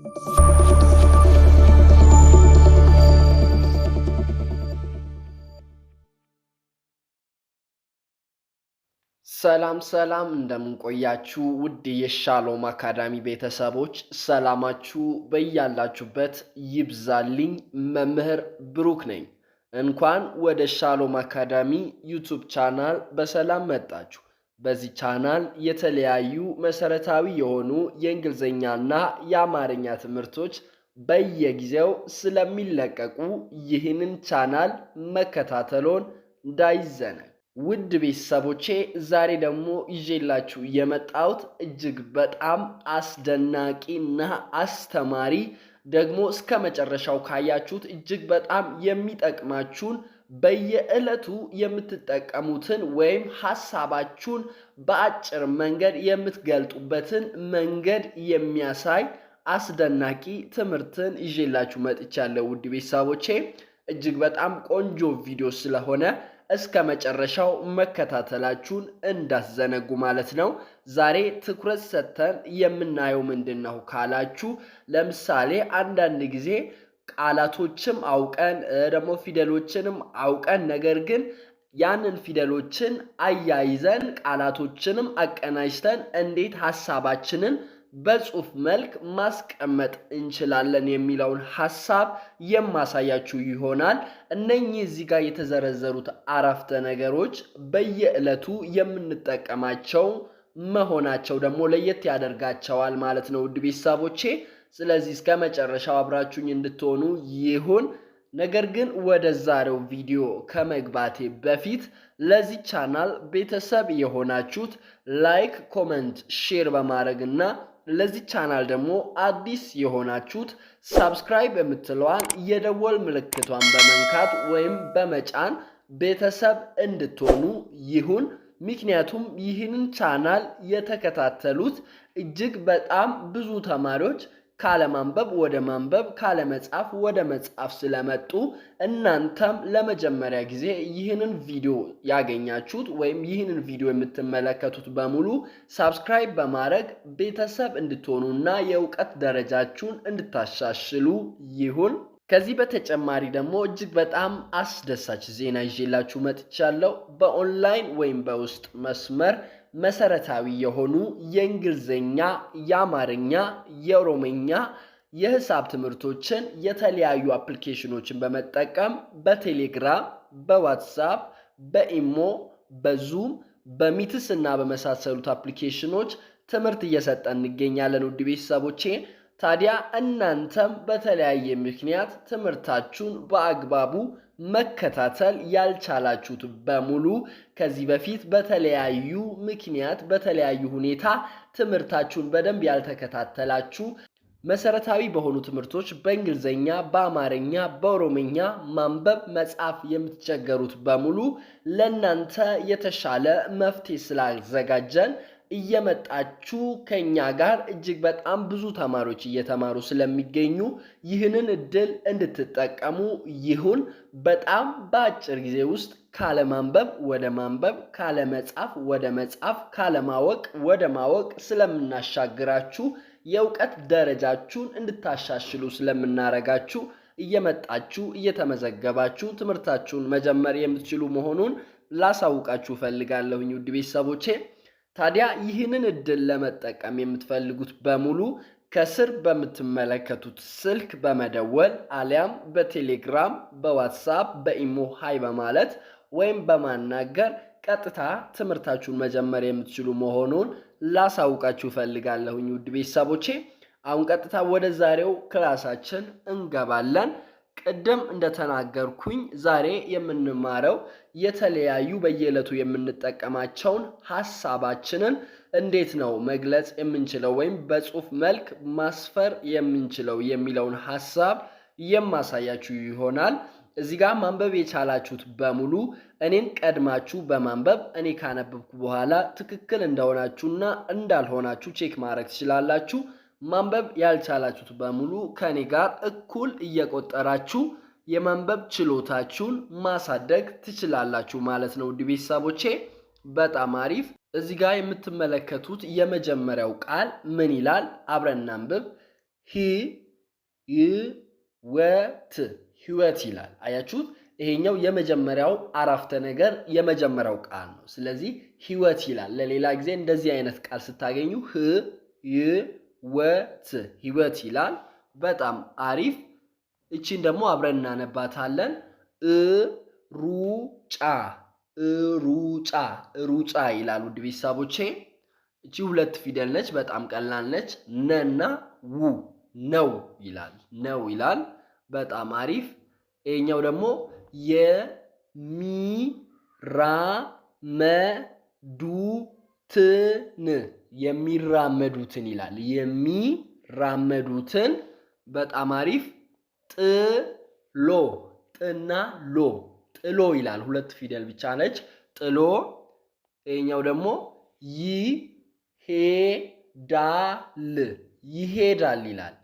ሰላም ሰላም እንደምንቆያችሁ ውድ የሻሎም አካዳሚ ቤተሰቦች ሰላማችሁ በያላችሁበት ይብዛልኝ። መምህር ብሩክ ነኝ። እንኳን ወደ ሻሎም አካዳሚ ዩቱብ ቻናል በሰላም መጣችሁ። በዚህ ቻናል የተለያዩ መሰረታዊ የሆኑ የእንግሊዝኛና የአማርኛ ትምህርቶች በየጊዜው ስለሚለቀቁ ይህንን ቻናል መከታተሎን እንዳይዘነ። ውድ ቤተሰቦቼ ዛሬ ደግሞ ይዤላችሁ የመጣሁት እጅግ በጣም አስደናቂ እና አስተማሪ ደግሞ እስከ መጨረሻው ካያችሁት እጅግ በጣም የሚጠቅማችሁን በየዕለቱ የምትጠቀሙትን ወይም ሐሳባችሁን በአጭር መንገድ የምትገልጡበትን መንገድ የሚያሳይ አስደናቂ ትምህርትን ይዤላችሁ መጥቻለሁ። ውድ ቤተሰቦቼ እጅግ በጣም ቆንጆ ቪዲዮ ስለሆነ እስከ መጨረሻው መከታተላችሁን እንዳትዘነጉ ማለት ነው። ዛሬ ትኩረት ሰጥተን የምናየው ምንድን ነው ካላችሁ፣ ለምሳሌ አንዳንድ ጊዜ ቃላቶችም አውቀን ደግሞ ፊደሎችንም አውቀን ነገር ግን ያንን ፊደሎችን አያይዘን ቃላቶችንም አቀናጅተን እንዴት ሀሳባችንን በጽሁፍ መልክ ማስቀመጥ እንችላለን የሚለውን ሀሳብ የማሳያችሁ ይሆናል። እነኚህ እዚህ ጋር የተዘረዘሩት አረፍተ ነገሮች በየዕለቱ የምንጠቀማቸው መሆናቸው ደግሞ ለየት ያደርጋቸዋል ማለት ነው ውድ ቤተሰቦቼ። ስለዚህ እስከ መጨረሻው አብራችሁኝ እንድትሆኑ ይሁን። ነገር ግን ወደ ዛሬው ቪዲዮ ከመግባቴ በፊት ለዚህ ቻናል ቤተሰብ የሆናችሁት ላይክ፣ ኮመንት፣ ሼር በማድረግ እና ለዚህ ቻናል ደግሞ አዲስ የሆናችሁት ሳብስክራይብ የምትለዋን የደወል ምልክቷን በመንካት ወይም በመጫን ቤተሰብ እንድትሆኑ ይሁን። ምክንያቱም ይህንን ቻናል የተከታተሉት እጅግ በጣም ብዙ ተማሪዎች ካለማንበብ ወደ ማንበብ ካለመጻፍ ወደ መጻፍ ስለመጡ እናንተም ለመጀመሪያ ጊዜ ይህንን ቪዲዮ ያገኛችሁት ወይም ይህንን ቪዲዮ የምትመለከቱት በሙሉ ሳብስክራይብ በማድረግ ቤተሰብ እንድትሆኑና የእውቀት ደረጃችሁን እንድታሻሽሉ ይሁን። ከዚህ በተጨማሪ ደግሞ እጅግ በጣም አስደሳች ዜና ይዤላችሁ መጥቻለሁ። በኦንላይን ወይም በውስጥ መስመር መሰረታዊ የሆኑ የእንግሊዝኛ፣ የአማርኛ፣ የኦሮምኛ የሂሳብ ትምህርቶችን የተለያዩ አፕሊኬሽኖችን በመጠቀም በቴሌግራም፣ በዋትሳፕ፣ በኢሞ፣ በዙም፣ በሚትስ እና በመሳሰሉት አፕሊኬሽኖች ትምህርት እየሰጠን እንገኛለን። ውድ ቤተሰቦቼ ታዲያ እናንተም በተለያየ ምክንያት ትምህርታችሁን በአግባቡ መከታተል ያልቻላችሁት በሙሉ ከዚህ በፊት በተለያዩ ምክንያት በተለያዩ ሁኔታ ትምህርታችሁን በደንብ ያልተከታተላችሁ መሰረታዊ በሆኑ ትምህርቶች በእንግሊዝኛ፣ በአማርኛ፣ በኦሮምኛ ማንበብ መጻፍ የምትቸገሩት በሙሉ ለእናንተ የተሻለ መፍትሄ ስላዘጋጀን እየመጣችሁ ከኛ ጋር እጅግ በጣም ብዙ ተማሪዎች እየተማሩ ስለሚገኙ ይህንን እድል እንድትጠቀሙ ይሁን። በጣም በአጭር ጊዜ ውስጥ ካለማንበብ ወደ ማንበብ፣ ካለመጻፍ ወደ መጻፍ፣ ካለማወቅ ወደ ማወቅ ስለምናሻግራችሁ የእውቀት ደረጃችሁን እንድታሻሽሉ ስለምናረጋችሁ እየመጣችሁ እየተመዘገባችሁ ትምህርታችሁን መጀመር የምትችሉ መሆኑን ላሳውቃችሁ እፈልጋለሁኝ ውድ ቤተሰቦቼ። ታዲያ ይህንን እድል ለመጠቀም የምትፈልጉት በሙሉ ከስር በምትመለከቱት ስልክ በመደወል አሊያም በቴሌግራም፣ በዋትሳፕ፣ በኢሞ ሀይ በማለት ወይም በማናገር ቀጥታ ትምህርታችሁን መጀመር የምትችሉ መሆኑን ላሳውቃችሁ ፈልጋለሁኝ። ውድ ቤተሰቦቼ። አሁን ቀጥታ ወደ ዛሬው ክላሳችን እንገባለን። ቅድም እንደተናገርኩኝ ዛሬ የምንማረው የተለያዩ በየዕለቱ የምንጠቀማቸውን ሀሳባችንን እንዴት ነው መግለጽ የምንችለው ወይም በጽሁፍ መልክ ማስፈር የምንችለው የሚለውን ሀሳብ የማሳያችሁ ይሆናል። እዚህ ጋር ማንበብ የቻላችሁት በሙሉ እኔን ቀድማችሁ በማንበብ እኔ ካነበብኩ በኋላ ትክክል እንደሆናችሁና እንዳልሆናችሁ ቼክ ማድረግ ትችላላችሁ። ማንበብ ያልቻላችሁት በሙሉ ከኔ ጋር እኩል እየቆጠራችሁ የማንበብ ችሎታችሁን ማሳደግ ትችላላችሁ ማለት ነው። ውድ ቤተሰቦቼ በጣም አሪፍ። እዚህ ጋር የምትመለከቱት የመጀመሪያው ቃል ምን ይላል? አብረን እናንብብ። ሂ ይ ወት ህይወት ይላል። አያችሁት? ይሄኛው የመጀመሪያው አረፍተ ነገር የመጀመሪያው ቃል ነው። ስለዚህ ህይወት ይላል። ለሌላ ጊዜ እንደዚህ አይነት ቃል ስታገኙ ህ ይ ወት ህይወት ይላል። በጣም አሪፍ። እቺን ደግሞ አብረን እናነባታለን። ሩጫ ሩጫ ሩጫ ይላል። ውድ ቤተሰቦቼ እቺ ሁለት ፊደል ነች። በጣም ቀላል ነች። ነና ው ነው ይላል። ነው ይላል። በጣም አሪፍ። ይሄኛው ደግሞ የሚራመዱትን የሚራመዱትን ይላል። የሚራመዱትን በጣም አሪፍ። ጥሎ ጥና ሎ ጥሎ ይላል። ሁለት ፊደል ብቻ ነች። ጥሎ ይሄኛው ደግሞ ይሄዳል ይሄዳል ይላል።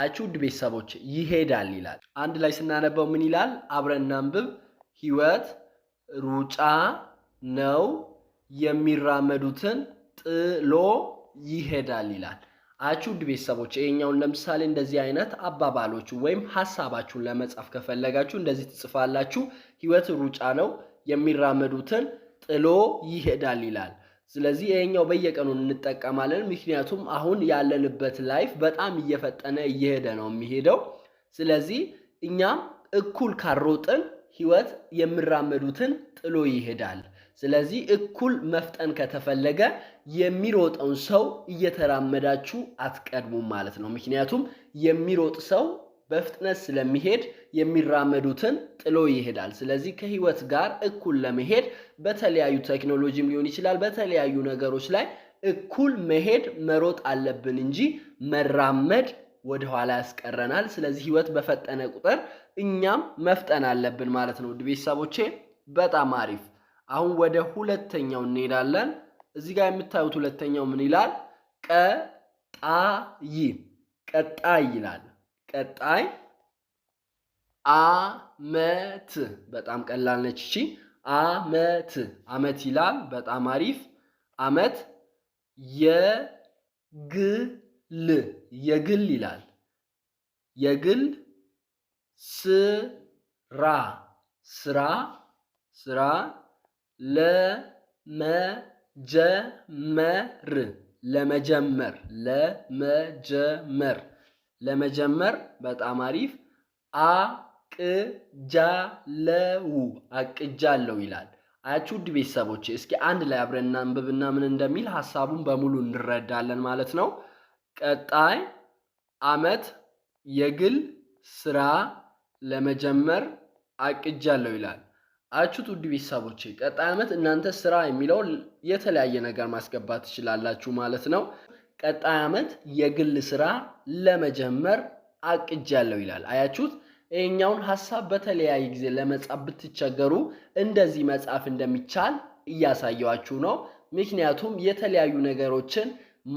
አያችሁ ውድ ቤተሰቦች ይሄዳል ይላል። አንድ ላይ ስናነበው ምን ይላል? አብረን እናንብብ። ህይወት ሩጫ ነው የሚራመዱትን ጥሎ ይሄዳል ይላል። አችሁ ውድ ቤተሰቦች ይሄኛውን ለምሳሌ እንደዚህ አይነት አባባሎች ወይም ሀሳባችሁን ለመጻፍ ከፈለጋችሁ እንደዚህ ትጽፋላችሁ። ህይወት ሩጫ ነው፣ የሚራመዱትን ጥሎ ይሄዳል ይላል። ስለዚህ ይሄኛው በየቀኑ እንጠቀማለን፣ ምክንያቱም አሁን ያለንበት ላይፍ በጣም እየፈጠነ እየሄደ ነው የሚሄደው። ስለዚህ እኛም እኩል ካሮጥን ህይወት የሚራመዱትን ጥሎ ይሄዳል። ስለዚህ እኩል መፍጠን ከተፈለገ የሚሮጠውን ሰው እየተራመዳችሁ አትቀድሙም ማለት ነው። ምክንያቱም የሚሮጥ ሰው በፍጥነት ስለሚሄድ የሚራመዱትን ጥሎ ይሄዳል። ስለዚህ ከህይወት ጋር እኩል ለመሄድ በተለያዩ ቴክኖሎጂም ሊሆን ይችላል፣ በተለያዩ ነገሮች ላይ እኩል መሄድ መሮጥ አለብን እንጂ መራመድ ወደኋላ ያስቀረናል። ስለዚህ ህይወት በፈጠነ ቁጥር እኛም መፍጠን አለብን ማለት ነው። ውድ ቤተሰቦቼ በጣም አሪፍ አሁን ወደ ሁለተኛው እንሄዳለን። እዚህ ጋር የምታዩት ሁለተኛው ምን ይላል? ቀጣይ ቀጣይ ይላል። ቀጣይ አመት በጣም ቀላል ነች እቺ። አመት አመት ይላል። በጣም አሪፍ አመት። የግል የግል ይላል። የግል ስራ ስራ ስራ ለመጀመር ለመጀመር ለመጀመር ለመጀመር በጣም አሪፍ አቅጃለው አቅጃለው ይላል። አያችሁ ውድ ቤተሰቦች፣ እስኪ አንድ ላይ አብረን እናንብብና ምን እንደሚል ሀሳቡን በሙሉ እንረዳለን ማለት ነው። ቀጣይ አመት የግል ስራ ለመጀመር አቅጃለው ይላል። አችሁት ውድ ቤተሰቦቼ ቀጣይ ዓመት እናንተ ስራ የሚለውን የተለያየ ነገር ማስገባት ትችላላችሁ ማለት ነው። ቀጣይ ዓመት የግል ስራ ለመጀመር አቅጃለሁ ይላል። አያችሁት? ይህኛውን ሀሳብ በተለያየ ጊዜ ለመጻፍ ብትቸገሩ እንደዚህ መጻፍ እንደሚቻል እያሳየዋችሁ ነው። ምክንያቱም የተለያዩ ነገሮችን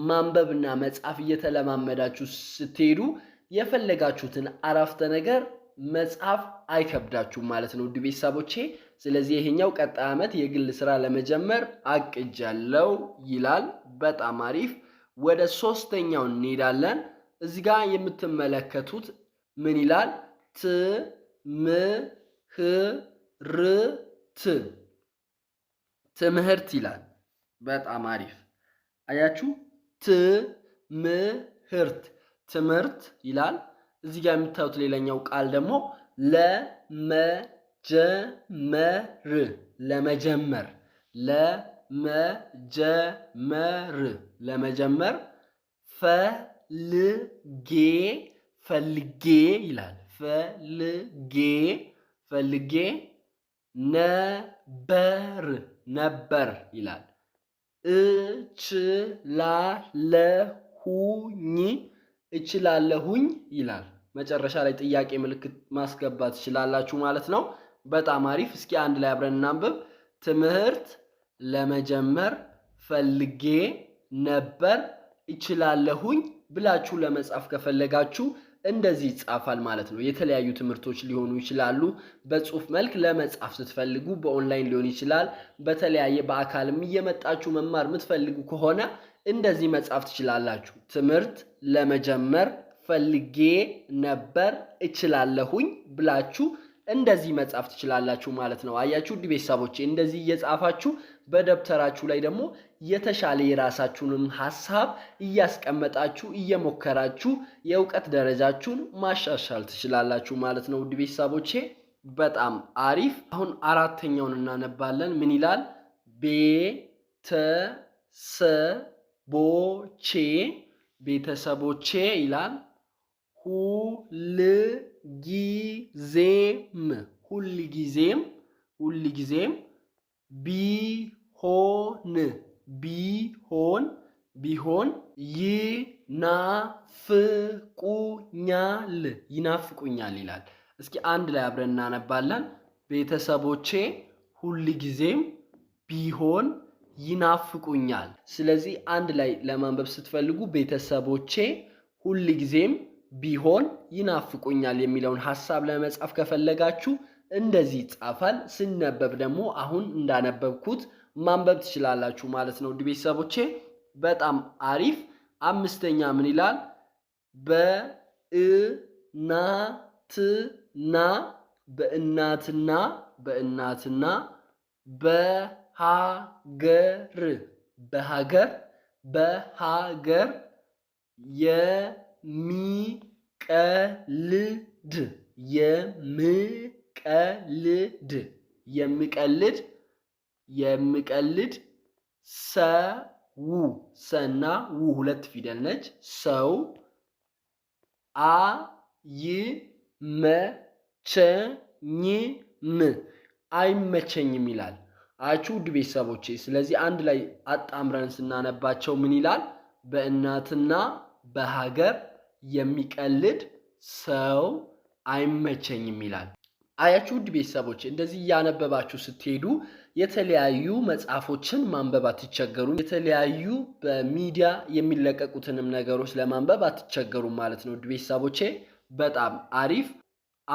ማንበብና መጻፍ እየተለማመዳችሁ ስትሄዱ የፈለጋችሁትን አረፍተ ነገር መጻፍ አይከብዳችሁም ማለት ነው ውድ ቤተሰቦቼ። ስለዚህ ይሄኛው ቀጣይ ዓመት የግል ስራ ለመጀመር አቅጃለው ይላል። በጣም አሪፍ። ወደ ሶስተኛው እንሄዳለን። እዚህ ጋር የምትመለከቱት ምን ይላል? ትምህርት ትምህርት ይላል። በጣም አሪፍ አያችሁ። ትምህርት ትምህርት ይላል። እዚህ ጋር የምታዩት ሌላኛው ቃል ደግሞ ለመ ጀመር ለመጀመር ለመጀመር ለመጀመር ፈልጌ ፈልጌ ይላል። ፈልጌ ፈልጌ ነበር ነበር ይላል። እችላለሁኝ እችላለሁኝ ይላል። መጨረሻ ላይ ጥያቄ ምልክት ማስገባት ትችላላችሁ ማለት ነው። በጣም አሪፍ። እስኪ አንድ ላይ አብረን እናንብብ። ትምህርት ለመጀመር ፈልጌ ነበር እችላለሁኝ ብላችሁ ለመጻፍ ከፈለጋችሁ እንደዚህ ይጻፋል ማለት ነው። የተለያዩ ትምህርቶች ሊሆኑ ይችላሉ። በጽሁፍ መልክ ለመጻፍ ስትፈልጉ በኦንላይን ሊሆን ይችላል። በተለያየ በአካልም እየመጣችሁ መማር የምትፈልጉ ከሆነ እንደዚህ መጻፍ ትችላላችሁ። ትምህርት ለመጀመር ፈልጌ ነበር እችላለሁኝ ብላችሁ እንደዚህ መጻፍ ትችላላችሁ ማለት ነው። አያችሁ ውድ ቤተሰቦቼ፣ እንደዚህ እየጻፋችሁ በደብተራችሁ ላይ ደግሞ የተሻለ የራሳችሁንም ሀሳብ እያስቀመጣችሁ እየሞከራችሁ የእውቀት ደረጃችሁን ማሻሻል ትችላላችሁ ማለት ነው። ውድ ቤተሰቦቼ፣ በጣም አሪፍ። አሁን አራተኛውን እናነባለን። ምን ይላል? ቤተሰቦቼ ቤተሰቦቼ ይላል ሁል ጊዜም ሁል ጊዜም ሁል ጊዜም ቢሆን ቢሆን ቢሆን ይናፍቁኛል ይናፍቁኛል ይላል። እስኪ አንድ ላይ አብረን እናነባለን። ቤተሰቦቼ ሁል ጊዜም ቢሆን ይናፍቁኛል። ስለዚህ አንድ ላይ ለማንበብ ስትፈልጉ ቤተሰቦቼ ሁል ጊዜም ቢሆን ይናፍቁኛል የሚለውን ሀሳብ ለመጻፍ ከፈለጋችሁ እንደዚህ ይጻፋል። ሲነበብ ደግሞ አሁን እንዳነበብኩት ማንበብ ትችላላችሁ ማለት ነው። ውድ ቤተሰቦቼ በጣም አሪፍ። አምስተኛ ምን ይላል? በእናትና በእናትና በእናትና በሀገር በሀገር በሀገር የ የሚቀልድ የምቀልድ የምቀልድ የምቀልድ ሰው ሰና ው ሁለት ፊደል ነች። ሰው አይመቸኝም አይመቸኝም ይላል። አያችሁ ውድ ቤተሰቦቼ፣ ስለዚህ አንድ ላይ አጣምረን ስናነባቸው ምን ይላል? በእናትና በሀገር የሚቀልድ ሰው አይመቸኝም ይላል። አያችሁ ውድ ቤተሰቦች፣ እንደዚህ እያነበባችሁ ስትሄዱ የተለያዩ መጽሐፎችን ማንበብ አትቸገሩም። የተለያዩ በሚዲያ የሚለቀቁትንም ነገሮች ለማንበብ አትቸገሩም ማለት ነው። ውድ ቤተሰቦቼ በጣም አሪፍ።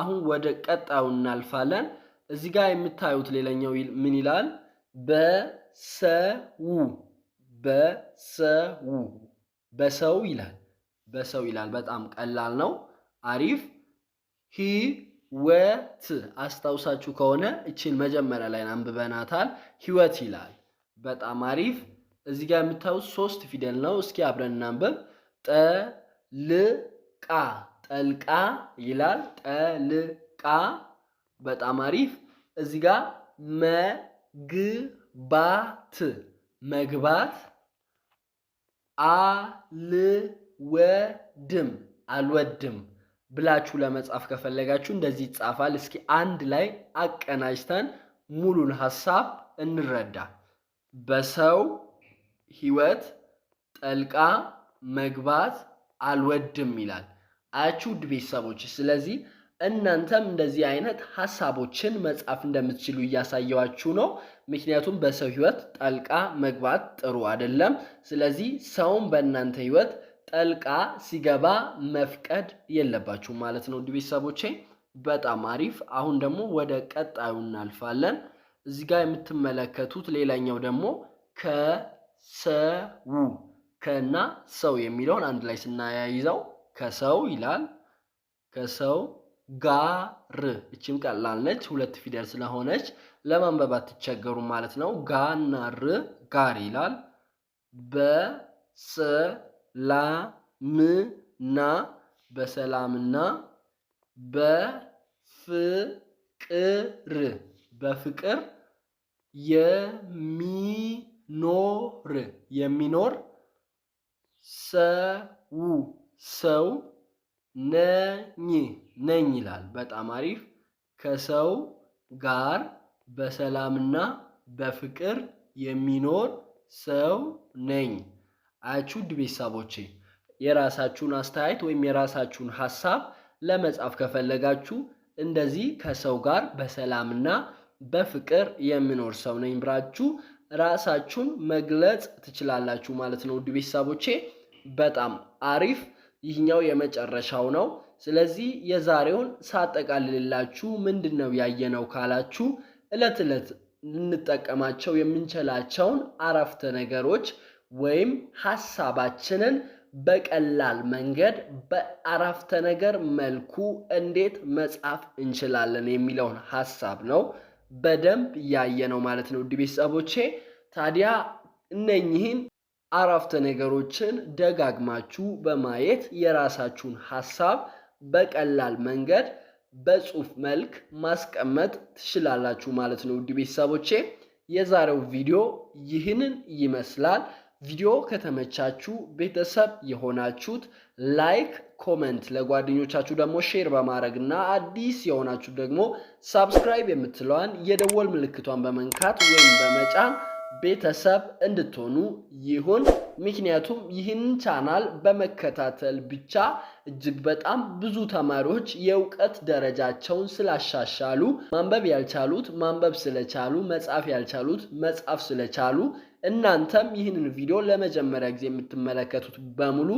አሁን ወደ ቀጣዩ እናልፋለን። እዚህ ጋር የምታዩት ሌላኛው ምን ይላል? በሰው በሰው በሰው ይላል በሰው ይላል። በጣም ቀላል ነው። አሪፍ ህይወት አስታውሳችሁ ከሆነ እችን መጀመሪያ ላይ አንብበናታል። ህይወት ይላል። በጣም አሪፍ። እዚህ ጋር የምታዩት ሶስት ፊደል ነው። እስኪ አብረን እናንብብ። ጠልቃ ጠልቃ ይላል። ጠልቃ በጣም አሪፍ። እዚህ ጋር መግባት መግባት አል ወድም አልወድም ብላችሁ ለመጻፍ ከፈለጋችሁ እንደዚህ ይጻፋል። እስኪ አንድ ላይ አቀናጅተን ሙሉን ሀሳብ እንረዳ። በሰው ህይወት ጠልቃ መግባት አልወድም ይላል። አያችሁ ውድ ቤተሰቦች፣ ስለዚህ እናንተም እንደዚህ አይነት ሀሳቦችን መጻፍ እንደምትችሉ እያሳየዋችሁ ነው። ምክንያቱም በሰው ህይወት ጠልቃ መግባት ጥሩ አይደለም። ስለዚህ ሰውን በእናንተ ህይወት ጠልቃ ሲገባ መፍቀድ የለባችሁ ማለት ነው። እንዲህ ቤተሰቦቼ በጣም አሪፍ። አሁን ደግሞ ወደ ቀጣዩ እናልፋለን። እዚህ ጋር የምትመለከቱት ሌላኛው ደግሞ ከሰው ከና ሰው የሚለውን አንድ ላይ ስናያይዘው ከሰው ይላል። ከሰው ጋር እችም ቀላል ነች፣ ሁለት ፊደል ስለሆነች ለማንበብ አትቸገሩ ማለት ነው። ጋና ር ጋር ይላል በሰ ላምና በሰላምና በፍቅር በፍቅር የሚኖር የሚኖር ሰው ሰው ነኝ ነኝ ይላል። በጣም አሪፍ። ከሰው ጋር በሰላምና በፍቅር የሚኖር ሰው ነኝ። አያችሁ ውድ ቤተሰቦቼ የራሳችሁን አስተያየት ወይም የራሳችሁን ሀሳብ ለመጻፍ ከፈለጋችሁ እንደዚህ ከሰው ጋር በሰላምና በፍቅር የምኖር ሰው ነኝ ብላችሁ ራሳችሁን መግለጽ ትችላላችሁ ማለት ነው። ውድ ቤተሰቦቼ በጣም አሪፍ። ይህኛው የመጨረሻው ነው። ስለዚህ የዛሬውን ሳጠቃልልላችሁ ምንድን ነው ያየነው ካላችሁ ዕለት ዕለት ልንጠቀማቸው የምንችላቸውን አረፍተ ነገሮች ወይም ሐሳባችንን በቀላል መንገድ በአረፍተ ነገር መልኩ እንዴት መጻፍ እንችላለን የሚለውን ሐሳብ ነው በደንብ ያየነው ማለት ነው። ውድ ቤተሰቦቼ ታዲያ እነኚህን አረፍተ ነገሮችን ደጋግማችሁ በማየት የራሳችሁን ሐሳብ በቀላል መንገድ በጽሁፍ መልክ ማስቀመጥ ትችላላችሁ ማለት ነው። ውድ ቤተሰቦቼ የዛሬው ቪዲዮ ይህንን ይመስላል። ቪዲዮ ከተመቻችሁ ቤተሰብ የሆናችሁት ላይክ፣ ኮመንት ለጓደኞቻችሁ ደግሞ ሼር በማድረግ እና አዲስ የሆናችሁ ደግሞ ሳብስክራይብ የምትለዋን የደወል ምልክቷን በመንካት ወይም በመጫን ቤተሰብ እንድትሆኑ ይሁን። ምክንያቱም ይህንን ቻናል በመከታተል ብቻ እጅግ በጣም ብዙ ተማሪዎች የእውቀት ደረጃቸውን ስላሻሻሉ፣ ማንበብ ያልቻሉት ማንበብ ስለቻሉ፣ መጻፍ ያልቻሉት መጻፍ ስለቻሉ እናንተም ይህንን ቪዲዮ ለመጀመሪያ ጊዜ የምትመለከቱት በሙሉ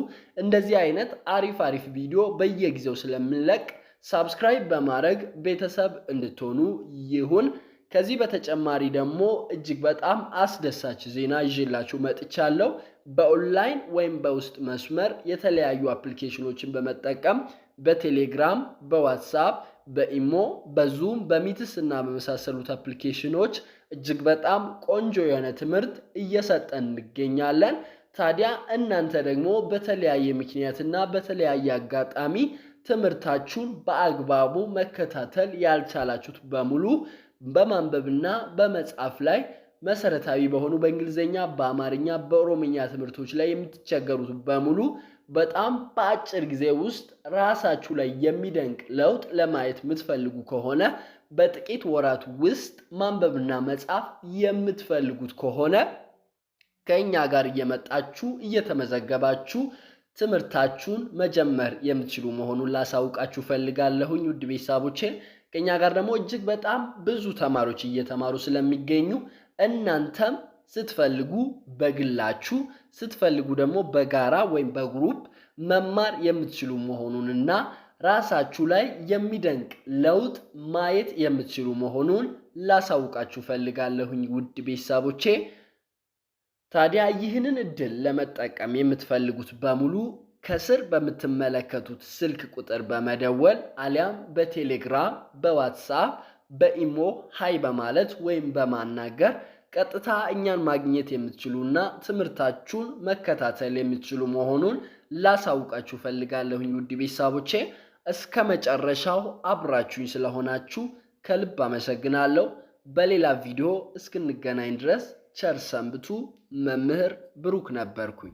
እንደዚህ አይነት አሪፍ አሪፍ ቪዲዮ በየጊዜው ስለምንለቅ ሳብስክራይብ በማድረግ ቤተሰብ እንድትሆኑ ይሁን። ከዚህ በተጨማሪ ደግሞ እጅግ በጣም አስደሳች ዜና ይዤላችሁ መጥቻለሁ። በኦንላይን ወይም በውስጥ መስመር የተለያዩ አፕሊኬሽኖችን በመጠቀም በቴሌግራም፣ በዋትሳፕ፣ በኢሞ፣ በዙም፣ በሚትስ እና በመሳሰሉት አፕሊኬሽኖች እጅግ በጣም ቆንጆ የሆነ ትምህርት እየሰጠን እንገኛለን። ታዲያ እናንተ ደግሞ በተለያየ ምክንያትና በተለያየ አጋጣሚ ትምህርታችሁን በአግባቡ መከታተል ያልቻላችሁት በሙሉ በማንበብና በመጻፍ ላይ መሰረታዊ በሆኑ በእንግሊዝኛ፣ በአማርኛ፣ በኦሮምኛ ትምህርቶች ላይ የምትቸገሩት በሙሉ በጣም በአጭር ጊዜ ውስጥ ራሳችሁ ላይ የሚደንቅ ለውጥ ለማየት የምትፈልጉ ከሆነ በጥቂት ወራት ውስጥ ማንበብና መጻፍ የምትፈልጉት ከሆነ ከእኛ ጋር እየመጣችሁ እየተመዘገባችሁ ትምህርታችሁን መጀመር የምትችሉ መሆኑን ላሳውቃችሁ ፈልጋለሁኝ ውድ ቤተሰቦቼ። ከኛ ጋር ደግሞ እጅግ በጣም ብዙ ተማሪዎች እየተማሩ ስለሚገኙ እናንተም ስትፈልጉ በግላችሁ ስትፈልጉ ደግሞ በጋራ ወይም በግሩፕ መማር የምትችሉ መሆኑንና ራሳችሁ ላይ የሚደንቅ ለውጥ ማየት የምትችሉ መሆኑን ላሳውቃችሁ ፈልጋለሁኝ ውድ ቤተሰቦቼ። ታዲያ ይህንን እድል ለመጠቀም የምትፈልጉት በሙሉ ከስር በምትመለከቱት ስልክ ቁጥር በመደወል አሊያም በቴሌግራም፣ በዋትሳፕ፣ በኢሞ ሀይ በማለት ወይም በማናገር ቀጥታ እኛን ማግኘት የምትችሉና ትምህርታችሁን መከታተል የምትችሉ መሆኑን ላሳውቃችሁ ፈልጋለሁኝ። ውድ ቤተሰቦቼ እስከ መጨረሻው አብራችሁኝ ስለሆናችሁ ከልብ አመሰግናለሁ። በሌላ ቪዲዮ እስክንገናኝ ድረስ ቸር ሰንብቱ። መምህር ብሩክ ነበርኩኝ።